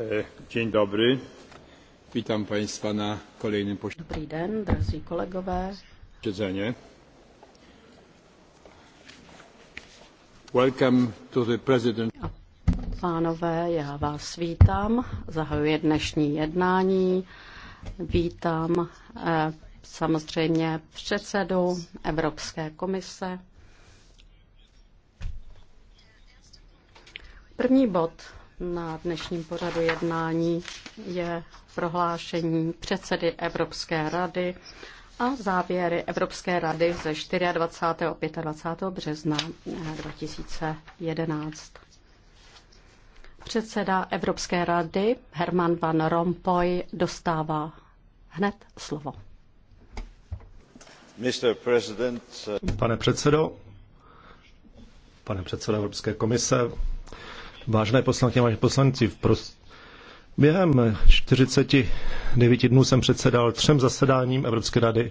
Eh, dzień dobry. Witam Państwa na kolejnym posiedzeniu. drazí kolegové. Siedzenie. Welcome to the president. Pánové, já vás vítám. Zahajuji dnešní jednání. Vítám eh, samozřejmě předsedu Evropské komise První bod na dnešním pořadu jednání je prohlášení předsedy Evropské rady a závěry Evropské rady ze 24. a 25. března 2011. Předseda Evropské rady Herman Van Rompuy dostává hned slovo. Pane předsedo, pane předsedo Evropské komise, Vážné poslankyně, vážení poslanci, v pros... během 49 dnů jsem předsedal třem zasedáním Evropské rady